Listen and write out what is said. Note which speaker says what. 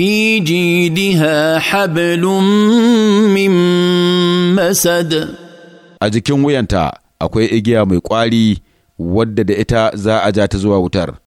Speaker 1: في جيدها حبل من
Speaker 2: مسد
Speaker 3: a jikin wuyanta akwai igiya mai ƙwari wadda da
Speaker 2: ita za a ja ta zuwa wutar